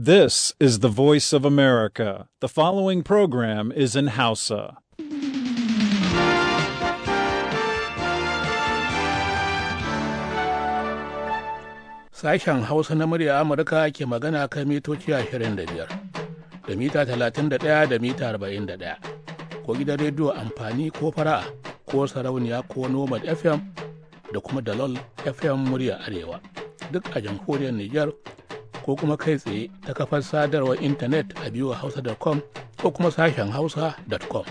This is the voice of America. The following program is in Hausa. Sashen Hausa na murya Amurka ke magana kan mitoci 25 da mita 31 da mita 41 ko gidan rediyo amfani ko fara'a ko sarauniya ko nomad FM da kuma dalol FM murya Arewa duk a jamhuriyar Nijar ko kuma kai tsaye ta kafar sadarwar intanet a biyu biyuwa hausa.com ko kuma sashen hausa.com.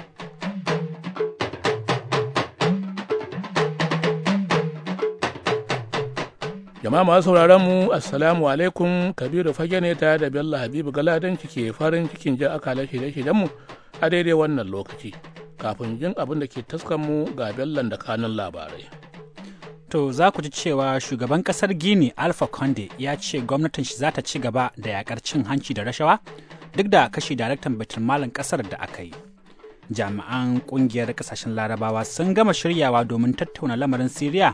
jama'a masu sauraron mu assalamu alaikum kabiru fage ne ta da bello habibu galadanci ke farin cikin jan akalar shirye-shiryen mu a daidai wannan lokaci kafin jin abin da ke taskan mu ga Bello da kanun labarai To za ku ji cewa shugaban kasar Gini Alpha Conde ya ce gwamnatin shi za ta ci gaba da yakar cin hanci da rashawa duk da kashi daraktan baitul malin kasar da aka yi. Jami'an kungiyar kasashen larabawa sun gama shiryawa domin tattauna lamarin Siriya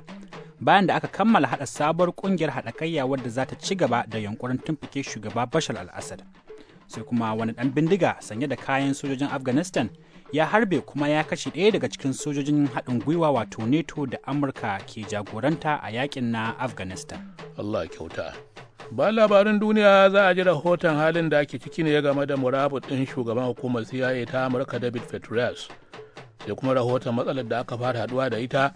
bayan da aka kammala hada sabuwar kungiyar haɗakayya wadda za ta ci gaba da yunkurin tumfuke shugaba Bashar al-Assad. Sai kuma wani ɗan bindiga sanye da kayan sojojin Afghanistan ya harbe kuma ya kashe ɗaya daga cikin sojojin haɗin gwiwa wato neto da amurka ke jagoranta a yakin na afghanistan allah kyauta ba labarin duniya za a ji rahoton halin da ake ciki ne game da murabut ɗin shugaban hukumar cia ta amurka david petraeus sai kuma rahoton matsalar da aka fara haɗuwa da ita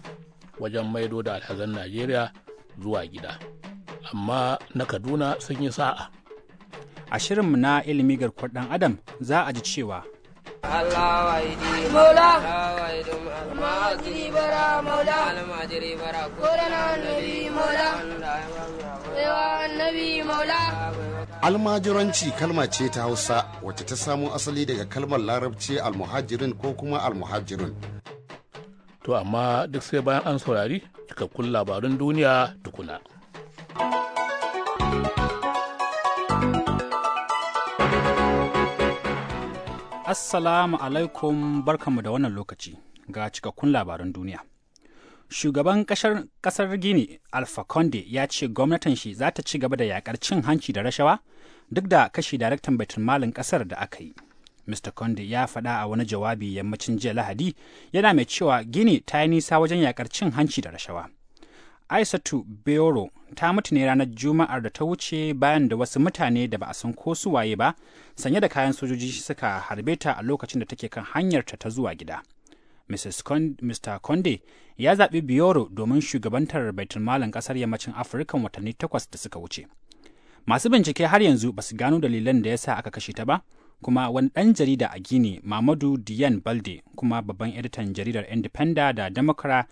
wajen maido da alhazan najeriya zuwa gida amma na kaduna sun yi sa'a a shirinmu na ilimi garkuwar ɗan adam za a ji cewa almajiranci kalma ce ta hausa wacce ta samo asali daga kalmar larabci almuhajirin ko kuma almuhajirin to amma duk sai bayan an saurari cikakkun labarun duniya tukuna. Assalamu alaikum barkanmu da wannan lokaci ga cikakkun labaran duniya. Shugaban kasar Gini Alpha Conde ya ce gwamnatin shi za ta ci gaba da yakar cin hanci da rashawa duk da kashi daraktan baitul malin kasar da aka yi. Mr. Conde ya faɗa a wani jawabi yammacin jiya Lahadi yana mai cewa Gini ta yi nisa wajen yakar cin hanci da rashawa. Aisatu Beoro ta mutu ne ranar Juma'ar da ta wuce bayan da wasu mutane da ba a san ko su waye ba sanye da kayan sojoji suka harbe ta a lokacin da take kan hanyarta ta zuwa gida. Mr. Conde ya zaɓi Bioro domin shugabantar malin ƙasar yammacin Afirka watanni takwas da suka wuce. Masu bincike har yanzu ba su gano dalilan da ya sa aka kashe ta ba, kuma wani ɗan jarida a Gini, Mamadu Diyan Balde, kuma babban editan jaridar Independent da Democrat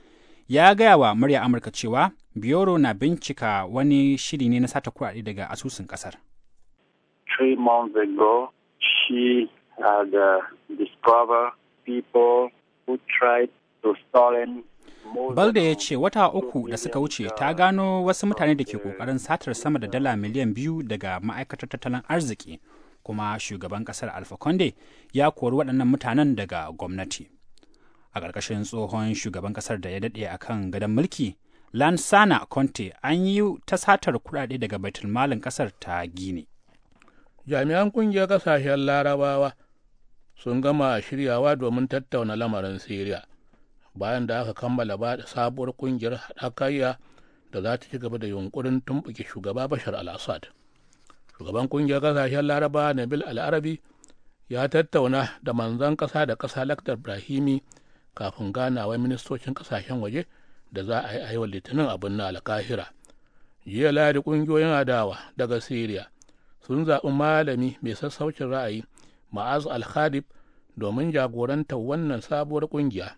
ya gaya wa murya Amurka cewa Biyoro na bincika wani shiri ne na sata kuɗaɗe daga asusun ƙasar. Three ago, she had uh, discovered people who tried ya ce wata uku da suka wuce ta gano wasu mutane da ke kokarin satar sama da dala miliyan biyu daga ma'aikatar tattalin arziki kuma shugaban kasar alfa Conde ya kori waɗannan mutanen daga gwamnati. a ƙarƙashin tsohon shugaban ƙasar da ya daɗe a kan gadon mulki lansana conte an yi ta satar kuɗaɗe daga baitulmalin ƙasar ta gini jami'an ƙungiyar ƙasashen larabawa sun gama shiryawa domin tattauna lamarin siriya bayan da aka kammala ba da sabuwar ƙungiyar haɗakayya da za ta ci gaba da yunƙurin tumɓuke shugaba bashar al-assad shugaban ƙungiyar ƙasashen larabawa nabil al-arabi ya tattauna da manzon ƙasa da ƙasa laktar brahimi kafin ganawa ministocin kasashen waje da za a yi a yawan litinin abin na alkahira jiya ladi kungiyoyin adawa daga Siriya sun zaɓi malami mai sassaucin ra'ayi ma'az al-khadib domin jagorantar wannan sabuwar kungiya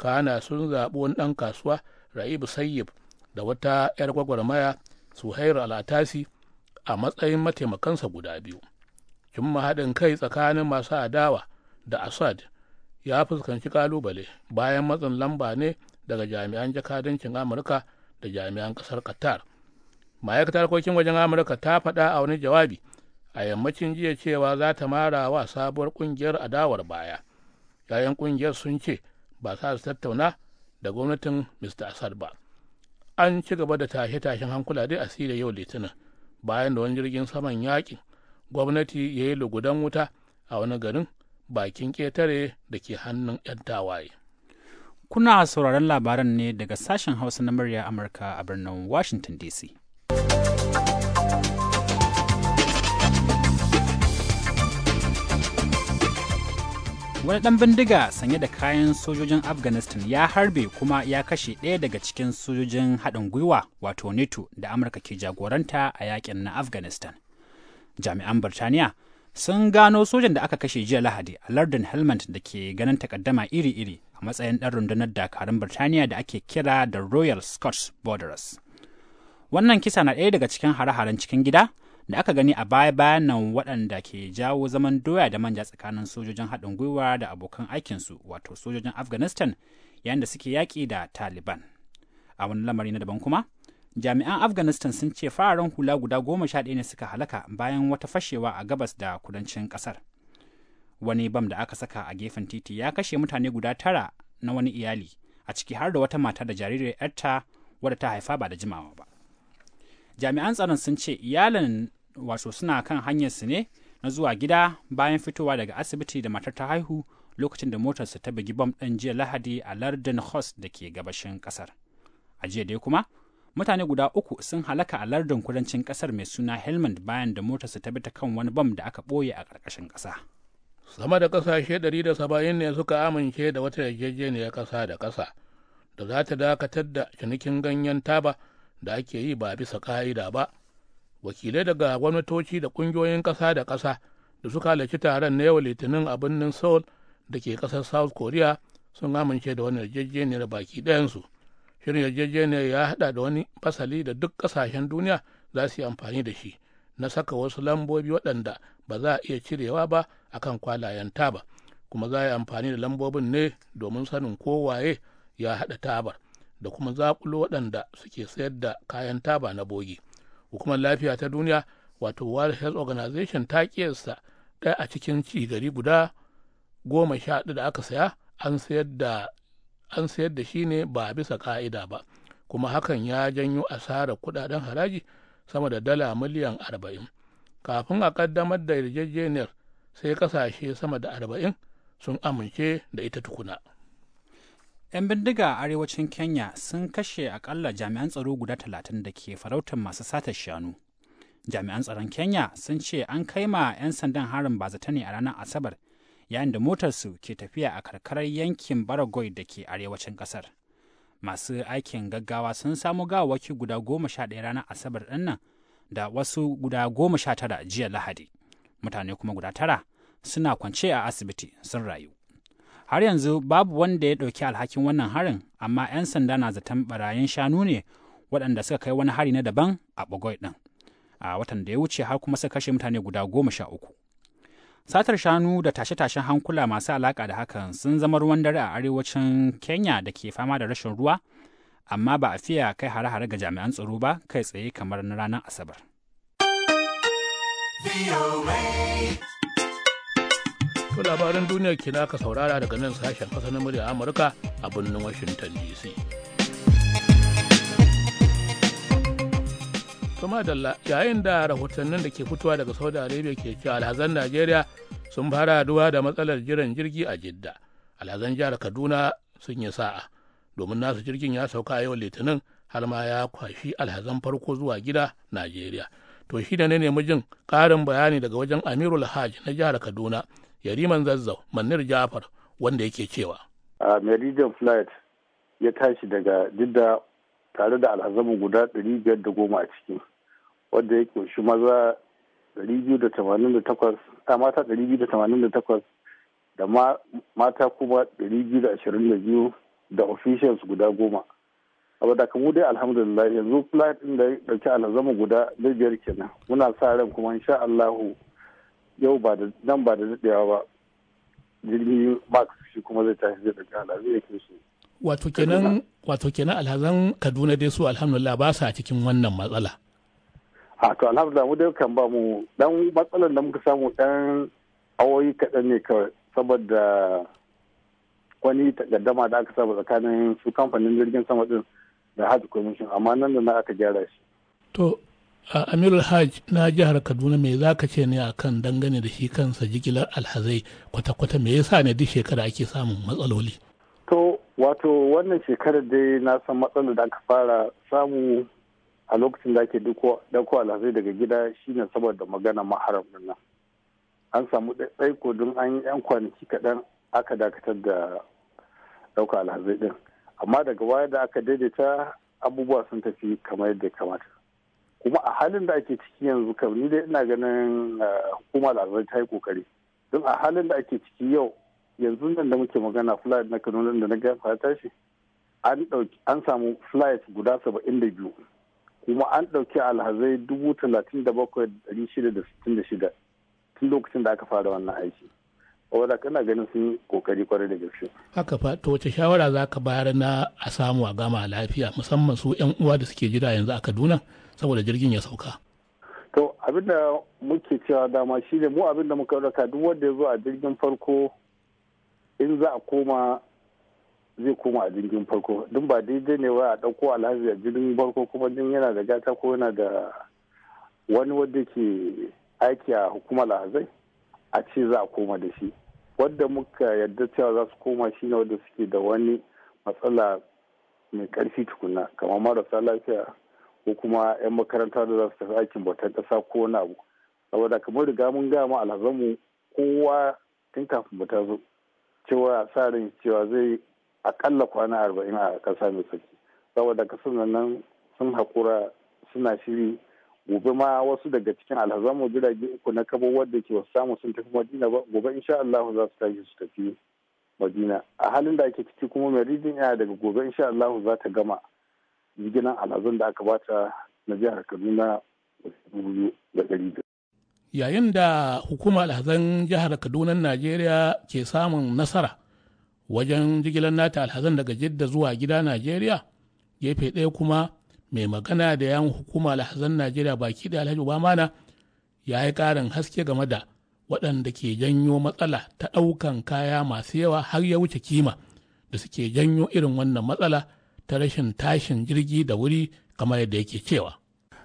kana sun zaɓi wani ɗan kasuwa ra'ibu sayyib da wata 'yar gwagwarmaya suhair al'atasi a matsayin mataimakansa guda biyu cimma haɗin kai tsakanin masu adawa da asad ya fuskanci kalubale bayan matsin lamba ne daga jami'an jakadancin amurka da jami'an kasar qatar ma'aikatar harkokin wajen amurka ta faɗa a wani jawabi a yammacin jiya cewa za ta mara wa sabuwar kungiyar adawar baya yayan kungiyar sun ce ba sa su tattauna da gwamnatin mr assad ba an ci gaba da tashe-tashen hankula dai a yau litinin bayan da wani jirgin saman yaƙin gwamnati ya yi lugudan wuta a wani garin bakin ƙetare da ke hannun 'yan tawaye. Kuna sauraron labaran ne daga sashen Hausa na murya Amurka a birnin Washington DC. Wani ɗan bindiga sanye da kayan sojojin Afghanistan ya harbe kuma ya kashe ɗaya daga cikin sojojin haɗin gwiwa wato NATO da Amurka ke jagoranta a yakin na Afghanistan. Jami'an Birtaniya sun gano sojan da aka kashe jiya lahadi a lardin helmand da ke ganin takaddama iri-iri a matsayin ɗan rundunar dakarun birtaniya da ake kira da royal scots borders. wannan kisa na ɗaya daga cikin hare-haren cikin gida da aka gani a baya-bayan nan waɗanda ke jawo zaman doya da manja tsakanin sojojin haɗin gwiwa da abokan aikinsu wato sojojin afghanistan yayin da suke yaƙi da taliban a wani lamari na daban kuma jami'an afghanistan sun ce fararen hula guda goma sha ɗaya ne suka halaka bayan wata fashewa a gabas da kudancin ƙasar wani bam da aka saka a gefen titi ya kashe mutane guda tara na wani iyali a ciki har da wata mata da jaririyar yarta wadda ta haifa ba da jimawa ba jami'an tsaron sun ce iyalan wato suna kan hanyar su ne na zuwa gida bayan fitowa daga asibiti da matar ta haihu lokacin da su ta bugi bam ɗin jiya lahadi a lardin hos da ke gabashin ƙasar a jiya dai kuma mutane guda uku sun halaka a lardin kudancin kasar mai suna helmand bayan da motarsa ta bi ta kan wani bam da aka ɓoye a ƙarƙashin ƙasa sama da ƙasashe 170 ne suka amince da wata yarjejeniyar ƙasa da ƙasa da za ta dakatar da cinikin ganyen taba da ake yi ba bisa ƙa'ida ba wakilai daga gwamnatoci da ƙungiyoyin ƙasa da ƙasa da suka halarci taron na yau litinin a birnin seoul da ke ƙasar south korea sun amince da wani yarjejeniyar baki ɗayansu shirin yarjejeniyar ya haɗa da wani fasali da duk ƙasashen duniya za su yi amfani da shi na saka wasu lambobi waɗanda ba za a iya cirewa ba akan kwalayen taba kuma za a yi amfani da lambobin ne domin sanin kowaye ya haɗa tabar da kuma zakulo waɗanda suke sayar da kayan taba na bogi hukumar lafiya ta duniya wato world health organization ta kiyasta ɗaya a cikin ci gari guda goma sha da aka saya an sayar da an sayar da shi ne ba bisa ka'ida ba kuma hakan ya janyo asarar kudaden haraji sama da dala miliyan arba'in kafin a kaddamar da yarjejeniyar sai kasashe sama da arba'in sun amince da ita tukuna. 'yan bindiga a arewacin kenya sun kashe akalla jami'an tsaro guda talatin da ke farautar masu satar shanu jami'an tsaron kenya sun ce an kai ma 'yan sandan harin bazata ne a ranar asabar yayin da motarsu ke tafiya a karkarar yankin Baragoy da ke arewacin ƙasar. Masu aikin gaggawa sun samu gawaki guda goma sha ɗaya ranar Asabar ɗin da wasu guda goma sha tara jiya Lahadi. Mutane kuma guda tara suna kwance a asibiti sun rayu. Har yanzu babu wanda ya ɗauki alhakin wannan harin, amma 'yan sanda na zaton barayin shanu ne waɗanda suka kai wani hari na daban a Bagoy ɗin. A watan da ya wuce har kuma suka kashe mutane guda goma sha uku. Satar shanu da tashe-tashen hankula masu alaƙa da hakan sun zama ruwan dare a arewacin Kenya da ke fama da rashin ruwa, amma ba a fiya kai hare-hare ga jami'an tsaro ba kai tsaye kamar na ranar Asabar. To labaran duniyar kina ka saurara daga nan sashen kasar na murya Amurka a birnin Washington DC. kuma da yayin da rahotannin da ke fitowa daga saudi arabia ke cewa alhazan najeriya sun fara duwa da matsalar jiran jirgi a jidda alhazan jihar kaduna sun yi sa'a domin nasu jirgin ya sauka yau litinin har ma ya kwashi alhazan farko zuwa gida najeriya to shi da ne nemi jin karin bayani daga wajen amirul hajj na jihar kaduna yariman zazzau manir jafar wanda yake cewa a meridian flight ya tashi daga jidda tare da alhazamu guda 510 a ciki wadda ya kunshi maza 288 a mata 288 da mata kuma 222 da officials guda goma abu da kamu dai alhamdulillah yanzu flight din da ya dauki alazama guda da biyar kenan muna sa ran kuma insha Allahu yau ba da nan ba da dadewa ba jirgin max shi kuma zai tashi zai dauki alazama ya kai su wato kenan wato kenan alhazan Kaduna dai su alhamdulillah ba sa cikin wannan matsala a to alhamdulillah mu dai kan ba mu dan matsalar da muka samu dan awoyi kaɗan ne kawai saboda wani takaddama da aka samu tsakanin su kamfanin jirgin sama din da hajj commission amma nan da na aka gyara shi to a amirul hajj na jihar kaduna me za ka ce ne akan dangane da shi kansa jigilar alhazai kwata-kwata me yasa ne duk shekara ake samun matsaloli to wato wannan shekarar dai na san matsalar da aka fara samu a lokacin da ake dauko alhazai daga gida shine saboda magana maharam nan an samu ɗaiɗaiko don an yi 'yan kwanaki kaɗan aka dakatar da ɗauka alhazai din amma daga baya da aka daidaita abubuwa sun tafi kamar yadda kamata kuma a halin da ake ciki yanzu kam ni dai ina ganin eh, hukumar alhazai ta yi kokari don a halin da ake ciki yau yanzu nan da muke magana flight na kanonin da na gasa tashi an samu flight guda saba'in da biyu kuma an ɗauki alhazai dubu talatin da bakwai ɗari shida da sittin da shida tun lokacin da aka fara wannan aiki wadda kana ganin sun yi kokari kwarai da gaske haka fa to wace shawara za ka bayar na a samu a gama lafiya musamman su yan uwa da suke jira yanzu a kaduna saboda jirgin ya sauka to abinda muke cewa dama shine mu abinda muka raka duk wanda ya zo a jirgin farko in za a koma zai koma a jirgin farko duk ba daidai ne wa a ɗauko alhaji a jirgin farko kuma din yana da gata ko yana da wani wadda ke aiki a hukumar lahazai a ce za a koma da shi wadda muka yarda cewa za su koma shi ne wadda suke da wani matsala mai karfi tukuna kamar marasa lafiya ko kuma 'yan makaranta da za su tafi aikin bautar ƙasa ko wani abu saboda kamar riga mun gaya ma alhazanmu kowa tun kafin mu ta zo cewa sa ran cewa zai akalla kwana arba'in a ƙasa mai tsaki saboda kasar nan sun haƙura suna shiri gobe ma wasu daga cikin mu jirage uku na kabo wadda ke wasu samu sun tafi madina ba gobe insha Allah za su tashi su tafi madina a halin da ake ciki kuma mai rijin yana daga gobe insha Allah za ta gama jiginan alhazan da aka bata na jihar Kaduna da ɗari da. Yayin da hukumar alhazan jihar Kaduna Najeriya ke samun nasara wajen jigilar nata alhazan daga jidda zuwa gida najeriya gefe ɗaya kuma mai magana da yan hukuma alhazan najeriya baki da alhaji obamana ya yi ƙarin haske game da waɗanda ke janyo matsala ta ɗaukan kaya masu yawa har ya wuce kima da suke janyo irin wannan matsala ta rashin tashin jirgi da wuri kamar yadda yake cewa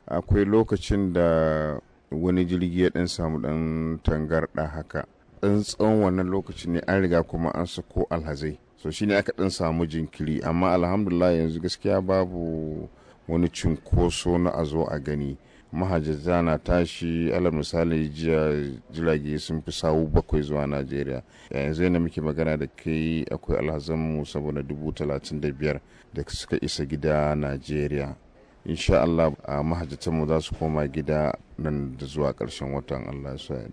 akwai lokacin da wani jirgi ya ɗan samu ɗan tangarɗa haka ɗan tsawon wannan lokaci ne an riga kuma an sako alhazai so shi ne aka ɗan samu jinkiri amma alhamdulillah yanzu gaskiya babu wani cinkoso na a zo a gani mahajjata na tashi ala misali jiya jirage sun fi sawu bakwai zuwa najeriya yanzu yana muke magana da kai akwai alhazanmu saboda dubu talatin da biyar da suka isa gida najeriya insha allah mahajjatanmu za su koma gida nan da zuwa ƙarshen watan allah ya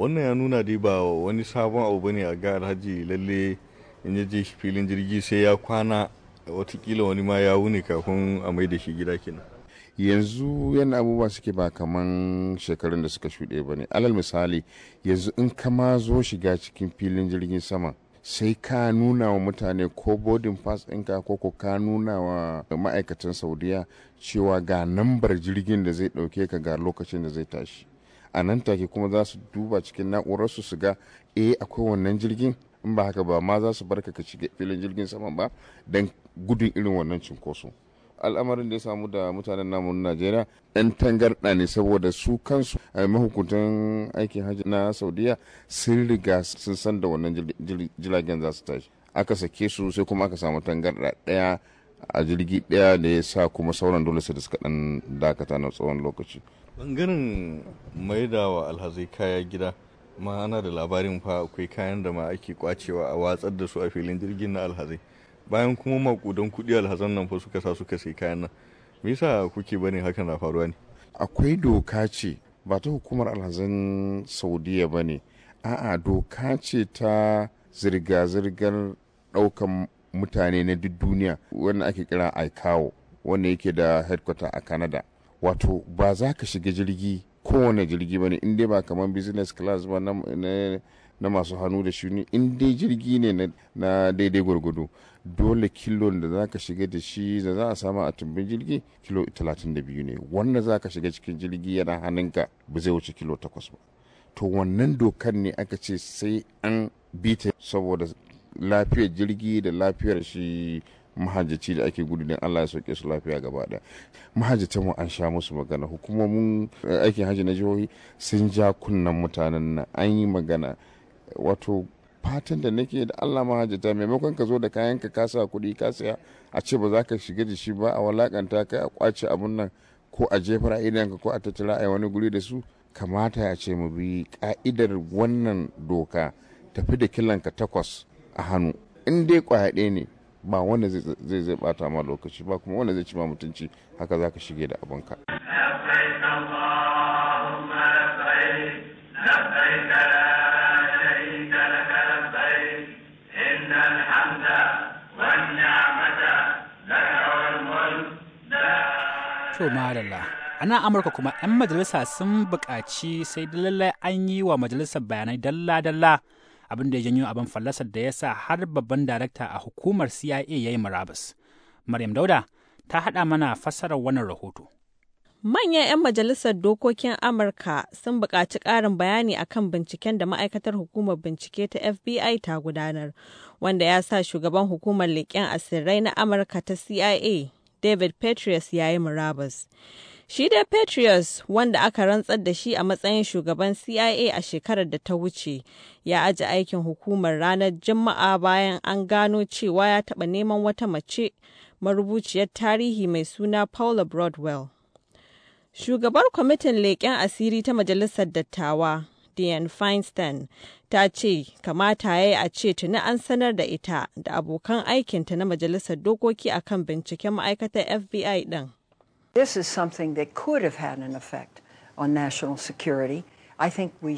wannan ya nuna dai ba wani sabon abu bane a ga alhaji lalle in ya filin jirgi sai ya kwana watakila wani ma ya wuni kafin a mai da shi gida kenan yanzu yana abubuwa suke ba kaman shekarun da suka shuɗe ba ne alal misali yanzu in ka ma zo shiga cikin filin jirgin sama sai ka nuna wa mutane ko boarding pass ɗinka ko ko ka nuna wa ma'aikatan saudiya cewa ga nambar jirgin da zai ɗauke ka ga lokacin da zai tashi a nan take kuma za su duba cikin na'urarsu su ga eh akwai wannan jirgin in ba haka ba ma za su barka ka shiga filin jirgin sama ba don gudun irin wannan cinkoso al'amarin da ya samu da mutanen namun najeriya yan tangarɗa ne saboda su kansu eh, mahukuntan aikin hajji na saudiya sun riga sun san da wannan jiragen za su tashi aka sake su sai kuma aka samu tangarɗa ɗaya a jirgi ɗaya da ya sa kuma sauran dole sai da suka ɗan dakata na tsawon lokaci bangaren maida wa alhazai kaya gida ma ana da labarin fa akwai kayan da ma ake kwacewa a watsar da su a filin jirgin na alhazai bayan kuma makudan kudi alhazan nan fa suka sa suka sai kayan nan me yasa kuke bane haka na faruwa ne akwai doka ce ba ta hukumar alhazan saudiya ba ne a'a doka ce ta zirga-zirgar ɗaukan mutane na duk duniya wanda ake kira aikawo wanda yake da headquarter a canada wato ba za ka shiga jirgi kowane jirgi ba ne inda ba kamar business class ba na, masu hannu da shuni in dai jirgi ne na, daidai gwargwado dole kilo da za ka shiga da shi da za a sama a tumbin jirgi kilo 32 ne wannan za ka shiga cikin jirgi yana hannunka ba zai wuce kilo 8 ba to wannan dokar ne aka ce sai an bita saboda lafiyar jirgi da lafiyar shi mahajjaci da ake gudu don Allah ya sauke su lafiya gaba ɗaya mahajjatan mu an sha musu magana hukumomin eh, aikin hajji na jihohi sun ja kunnan mutanen nan an yi magana wato fatan da nake da Allah mahajjata maimakon ka zo da kayan ka ka sa kuɗi ka saya a ce ba za ka shiga da shi ba a walakanta ka a kwace abun nan ko a jefar idan ka ko a tattara a wani guri da su kamata ya ce mu bi ka'idar wannan doka tafi da killanka takwas a hannu in dai kwaya ne ba wanda zai zai bata ma lokaci ba kuma wanda zai ci ma mutunci haka za ka shige da abinka. To malala, a nan Amurka kuma 'yan majalisa sun buƙaci sai lallai an yi wa majalisar bayanai dalla-dalla abin da ya janyo abin fallasar da ya sa har babban darakta a hukumar CIA ya yi murabus. Maryam Dauda ta haɗa mana fassarar wannan rahoto. Manyan 'yan majalisar dokokin Amurka sun buƙaci ƙarin bayani akan binciken da ma'aikatar hukumar bincike ta FBI ta gudanar, wanda ya sa shugaban hukumar leƙen asirai na Amurka ta CIA, David Petraeus ya yi murabus. Shi dai Patriots wanda aka rantsar da shi a matsayin shugaban CIA a shekarar da ta wuce ya aji aikin hukumar ranar Juma'a bayan an gano cewa ya taɓa neman wata mace marubuciyar tarihi mai suna Paula Broadwell. Shugabar kwamitin leƙen asiri ta Majalisar Dattawa, Dianne Feinstein, ta ce kamata ya yi a ce tuni an sanar da ita da abokan aikinta na Majalisar Dokoki akan binciken ma'aikatar FBI ɗin. This is something that could have had an effect on national security. we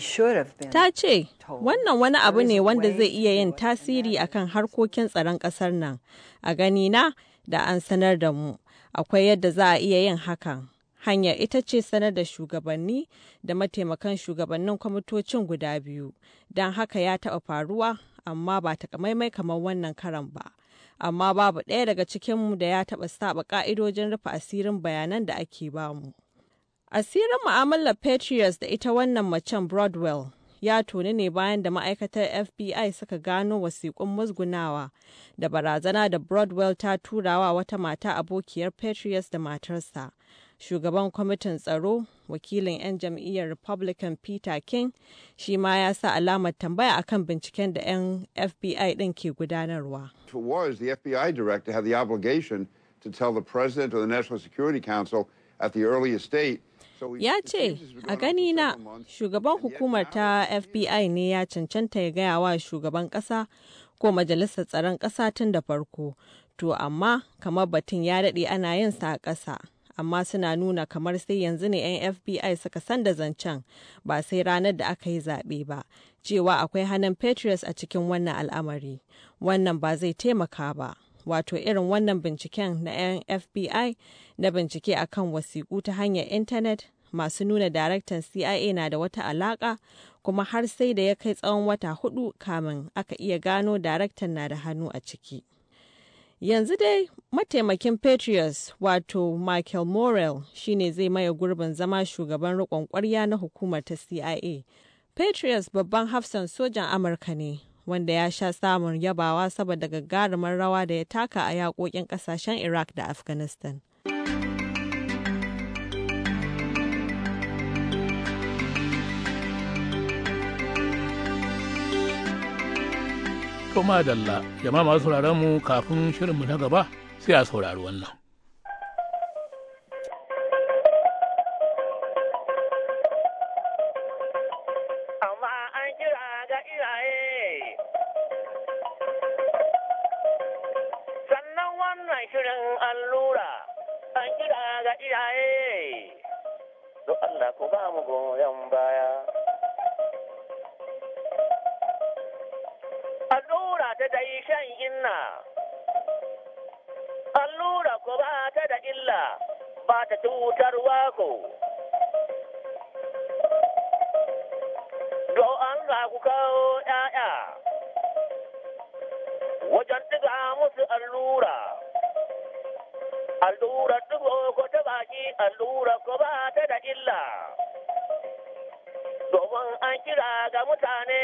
Ta ce, Wannan wani abu ne wanda zai iya yin tasiri akan harkokin tsaron ƙasar nan, a gani na da an sanar da mu, akwai yadda za a iya yin hakan. Hanya ita ce sanar da shugabanni da mataimakan shugabannin kwamitocin guda biyu, don haka ya taɓa faruwa, amma ba takamaimai kamar wannan karan ba. amma babu ɗaya daga cikinmu da ya taɓa saɓa ƙa'idojin rufe asirin bayanan da ake bamu. Asirin mu'amalar Patriots da ita wannan macen Broadwell ya tuni ne bayan da ma'aikatar FBI suka gano wasiƙun musgunawa da barazana da Broadwell ta turawa wata mata abokiyar Patriots da matarsa. shugaban kwamitin tsaro wakilin 'yan jam'iyyar republican peter king shi ma ya sa alamar tambaya akan binciken da 'yan fbi din ke gudanarwa the fbi director the to tell the president of the national security ya ce a gani na shugaban hukumar ta fbi ne ya cancanta ya gaya wa shugaban kasa ko majalisar tsaron kasa tun da farko to amma kamar batun ya daɗe ana yin sa a ƙasa amma suna nuna kamar sai yanzu ne 'yan FBI suka da zancen ba sai ranar da aka yi zaɓe ba, cewa akwai hannun Patriots a cikin wannan al'amari. Wannan ba zai taimaka ba. Wato irin wannan binciken na 'yan FBI na bincike akan wasiƙu ta hanyar intanet masu nuna daraktan CIA na da wata alaƙa kuma har sai da ya kai tsawon wata hudu kamin aka iya gano daraktan na da hannu a ciki. Yanzu dai mataimakin Patriots wato Michael Morrell shine zai maye gurbin zama shugaban rikon ƙwarya na hukumar ta CIA. Patriots babban hafsan sojan Amurka ne wanda ya sha samun yabawa saboda gagarumar rawa da ya taka a yaƙoƙin ƙasashen Iraq da Afghanistan. To madalla, jama'a masu mu kafin shirinmu na gaba sai a saurari wannan. domin an kira ga mutane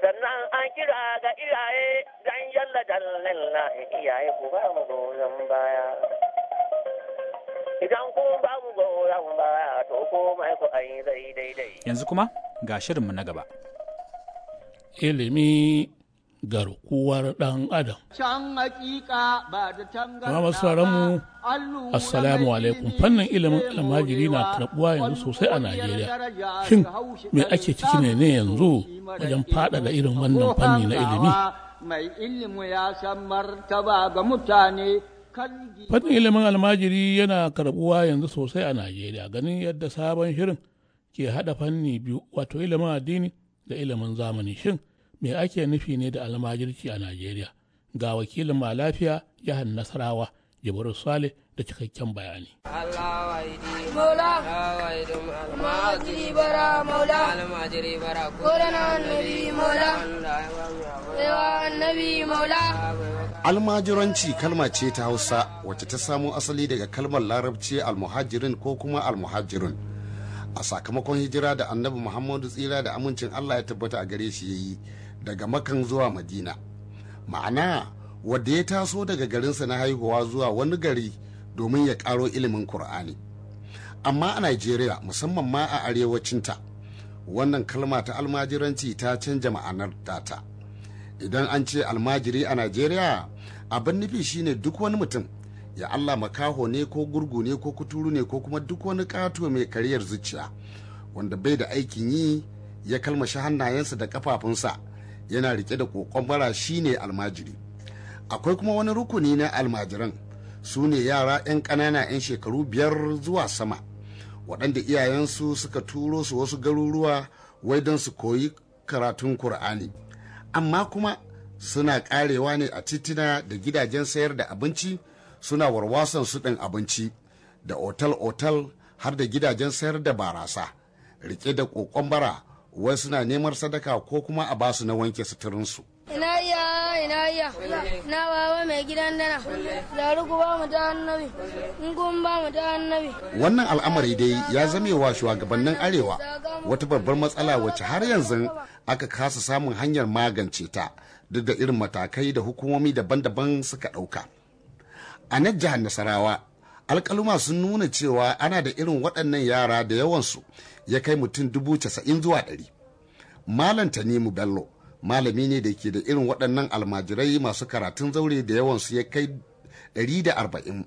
sannan an kira ga iyaye don yalla dallin na iyaye ku ba mu goyon baya idan kun ba mu goyon baya to mai ku ayi daidai yanzu kuma ga shirinmu na gaba ilimi garkuwar ɗan adam. Can hakika ba da mu assalamu alaikum fannin ilimin almajiri na karɓuwa yanzu sosai a Najeriya. Shin me ake ciki ne ne yanzu wajen faɗaɗa irin wannan fanni na ilimi? Mai ilimi ya san martaba ga mutane Fannin ilimin almajiri yana karɓuwa yanzu sosai a Najeriya ganin yadda sabon shirin ke haɗa fanni biyu wato ilimin addini da ilimin zamani shin me ake nufi ne da almajirci a najeriya ga wakilin ma lafiya jihar nasarawa jibril saleh da cikakken bayani almajiranci kalma ce ta hausa wacce ta samo asali daga kalmar larabci almuhajirin ko kuma almuhajirin a sakamakon hijira da annabi muhammadu tsira da amincin allah ya tabbata a gare shi ya yi daga makan zuwa madina ma'ana wadda ya taso daga garinsa na haihuwa zuwa wani gari domin ya karo ilimin Kur'ani. amma a Najeriya musamman ma a arewacinta wannan kalma ta almajiranci ta canja ma'anar data idan an ce almajiri a Najeriya abin nufi shine duk wani mutum ya Allah makaho ne ko gurgu ne ko kuturu ne ko kuma duk wani kato mai karyar zuciya wanda bai da aikin yi ya kalmashi hannayensa da kafafunsa yana rike da kokon bara shine almajiri akwai kuma wani rukuni na almajiran su ne yara 'yan ƙanana 'yan shekaru biyar zuwa sama waɗanda iyayensu suka turo su wasu garuruwa wai don su koyi karatun kur'ani amma kuma suna ƙarewa ne a titina da gidajen sayar da abinci suna warwasan su ɗin abinci da otal-otal har da gidajen sayar da barasa rike da ƙoƙon bara wasu na neman sadaka ko kuma a basu na wanke suturinsu. Ina iya ina iya na wawa mai gidan dana zaru ku ba mu ta annabi in ba mu ta annabi. Wannan al'amari dai ya zamewa shugabannin arewa wata babbar matsala wacce har yanzu aka kasa samun hanyar magance ta duk da irin matakai da hukumomi daban-daban suka ɗauka. A nan jihar Nasarawa alkaluma sun nuna cewa ana da irin waɗannan yara da yawansu ya kai mutum dubu casa'in zuwa ɗari malam tanimu bello malami ne da ke da irin waɗannan almajirai masu karatun zaure da yawansu ya kai ɗari da arba'in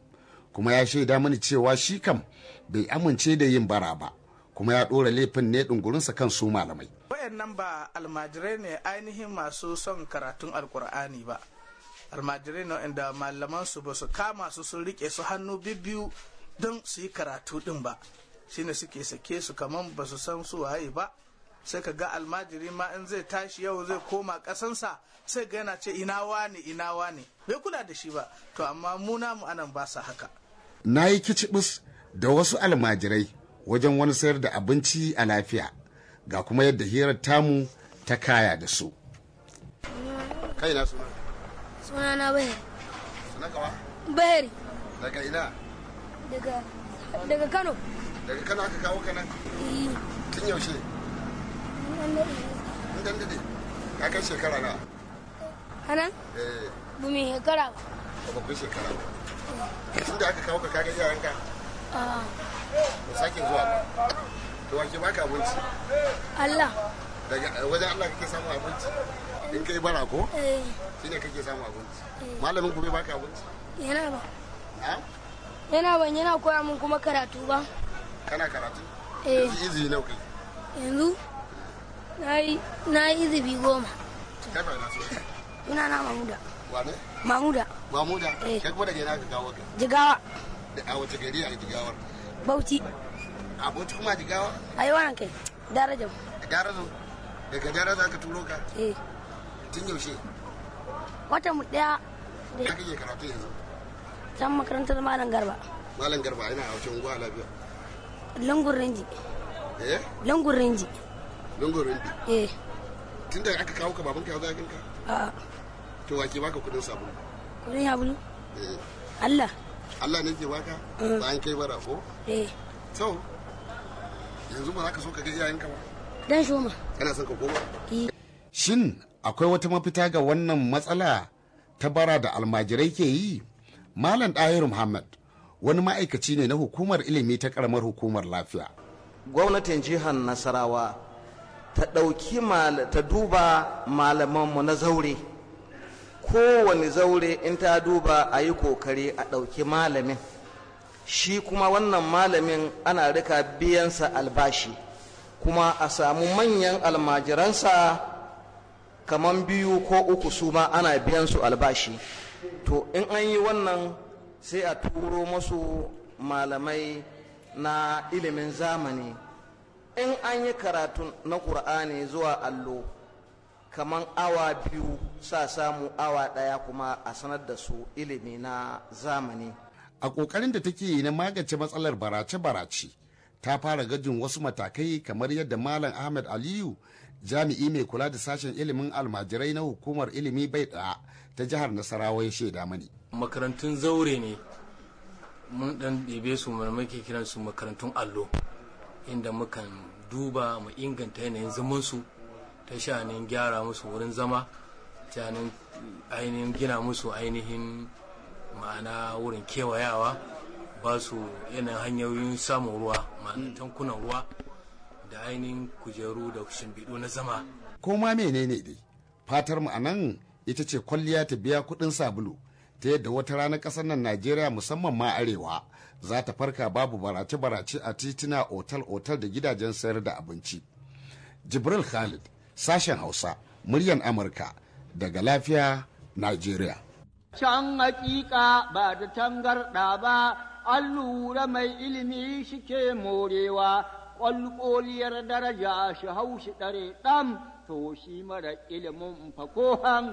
kuma ya shaida mani cewa shi kam bai amince da yin bara ba kuma ya ɗora laifin ne ɗungurinsa kan su malamai wayannan ba almajirai ne ainihin masu son karatun alkur'ani ba almajirai ne inda malamansu ba su kama su sun rike su hannu bibbiyu don su yi karatu ɗin ba shine suke sake su kamar ba su san su waye ba sai ka ga almajiri ma in zai tashi yau zai koma kasansa sai ga yana ce ina wani ina wani bai kula da shi ba to amma mu anan ba sa haka na yi kicibis da wasu almajirai wajen wani sayar da abinci a lafiya ga kuma yadda hirar tamu ta kaya da su kai na suna suna na bahari suna kawa daga ina daga daga kano daga kana aka kawo ka nan eh. tun yaushe in dan dade ka kai shekara na hana eh bu me shekara ba ba kai shekara ba tun da aka kawo ka kaga yaran ka a ah. ba sake zuwa ba to wake baka abinci Allah daga wajen Allah kake samu abinci in kai bara ko eh shine kake samu abinci eh. malamin ku bai baka abinci yana ba na yana ban yana koya mun kuma karatu ba kana karatu eh. yanzu izibi nawa kai yanzu na yi izibi goma kai ba na so ina na mamuda wane mamuda mamuda eh. kai kuma daga yana gawa ka jigawa a wace gari a jigawar bauchi a bauchi kuma jigawa a yi wannan kai darajan darajan daga darajan ka turo ka eh tun yaushe wata mu daya da kake karatu yanzu can makarantar malam garba malam garba ina a wace unguwa lafiya Lungun Rinji. Eh? Lungun Rinji. Lungun Rinji? Eh. Tun da aka kawo ka babanka ya zagin ka? A'a. To wa baka kudin sabulu? Kudin sabulu? Eh. Allah. Allah ne ke baka? Eh. Ba an kai bara ko? Eh. To, yanzu ba za ka so ka ga iyayenka ba? Dan shoma. Kana son ka koma? Eh. Shin akwai wata mafita ga wannan matsala ta bara da almajirai ke yi? Malam Dahiru Muhammad wani ma'aikaci ne na hukumar ilimi ta karamar hukumar lafiya gwamnatin jihar nasarawa ta ɗauki ta duba malamanmu na zaure kowane zaure in ta duba a yi kokari a ɗauki malamin shi kuma wannan malamin ana rika biyansa albashi kuma a samu manyan almajiransa kamar biyu ko uku su ma ana biyansu albashi to in an yi wannan sai a turo masu malamai na ilimin zamani in an yi karatu na ƙur'ani zuwa allo kamar awa biyu sa samu awa ɗaya kuma a sanar da su ilimi na zamani a ƙoƙarin da take yi na magance matsalar barace-barace ta fara gajin wasu matakai kamar yadda malam ahmed aliyu jami'i mai kula da sashen ilimin almajirai na hukumar ilimi bai ɗaya ta jihar nasarawa ya shaida mani makarantun zaure ne mun dan ɗebe su muke kiran su makarantun allo inda mukan duba mu inganta yanayin zaman ta shanin gyara musu wurin zama ta ainihin gina musu ainihin ma'ana wurin kewayawa ba su yanayin hanyoyin samun ruwa ma'ana tankunan ruwa da ainihin kujeru da shimbiɗu na zama ko ma menene dai fatar mu ita ce kwalliya ta biya kuɗin sabulu ta yadda wata rana ƙasar nan Najeriya musamman ma arewa za ta farka babu barace-barace a titina otal-otal da gidajen sayar da abinci. Jibril Khalid, sashen Hausa, muryan Amurka, daga lafiya, Najeriya. Can hakika ba da tangarɗa ba, an lura mai ilimi shi ke morewa, ƙwalƙoliyar daraja shi haushi ɗare ɗan.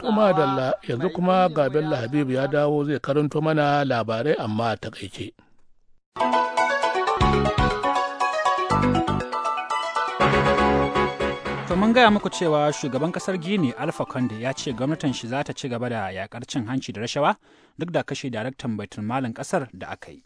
kuma da yanzu kuma ga Bello Habib ya dawo zai karanto mana labarai amma ta kaice. To mun gaya muku cewa shugaban kasar Gini Alpha Conde ya ce gwamnatin shi za ta ci gaba da yakar cin hanci da rashawa duk da kashe daraktan baitul malin kasar da aka yi.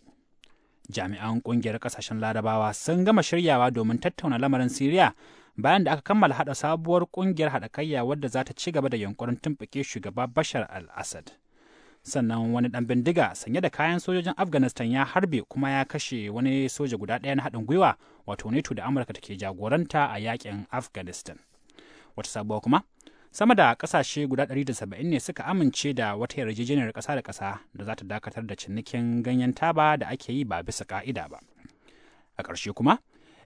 Jami'an kungiyar kasashen Larabawa sun gama shiryawa domin tattauna lamarin Siriya bayan da aka kammala hada sabuwar kungiyar hada-kayya wadda za ta ci gaba da yunkurin tumɓuke shugaba bashar al-assad sannan wani ɗan bindiga sanye da kayan sojojin afghanistan ya harbe kuma ya kashe wani soja guda ɗaya na haɗin gwiwa wato neto da amurka take jagoranta a yakin afghanistan wata sabuwa kuma sama da kasashe guda 170 ne suka amince da wata yarjejeniyar ƙasa da kasa da za ta dakatar da cinikin ganyen taba da ake yi ba bisa ka'ida ba a ƙarshe kuma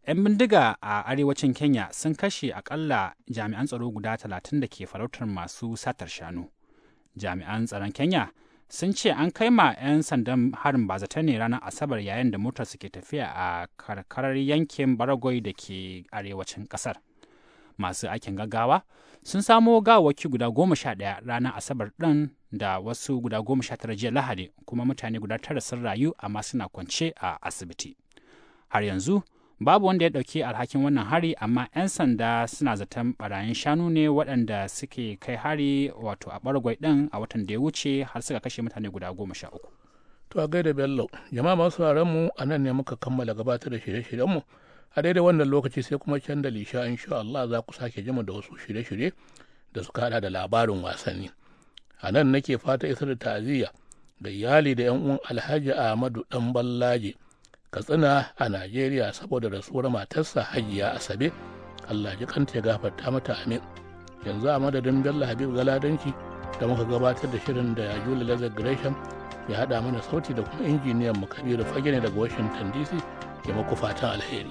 'Yan bindiga a arewacin Kenya sun kashe akalla jami'an tsaro guda talatin da ke farautar masu satar shanu. Jami'an tsaron Kenya sun ce an kai ma 'yan sandan harin bazata ne ranar Asabar yayin da motar suke tafiya a karkarar yankin Baragoi da ke arewacin ƙasar. Masu aikin gaggawa sun samo gawaki guda goma sha ɗaya ranar Asabar ɗin da wasu guda goma sha tara jiya Lahadi kuma mutane guda tara sun rayu amma suna kwance a asibiti. Har yanzu babu wanda ya ɗauki alhakin wannan hari amma 'yan sanda suna zaton barayin shanu ne waɗanda suke kai hari wato a ɓargwai ɗin a watan da ya wuce har suka kashe mutane guda goma sha uku. to a gaida bello jama'a masu mu a nan ne muka kammala gabatar da shirye-shiryenmu a daidai wannan lokaci sai kuma can da lisha sha Allah za ku sake jima da wasu shirye-shirye da suka hada da labarin wasanni a nan nake fata isar da ta'aziyya ga iyali da 'yan uwan alhaji ahmadu dan ballaje katsina a najeriya saboda rasuwar matarsa hajiya asabe allah ji kanta ya gafarta mata amin yanzu a madadin bello habib galadanci da muka gabatar da shirin da julie lazar gresham ya haɗa mana sauti da kuma injiniyan mu kabiru fage ne daga washington dc ya maku fatan alheri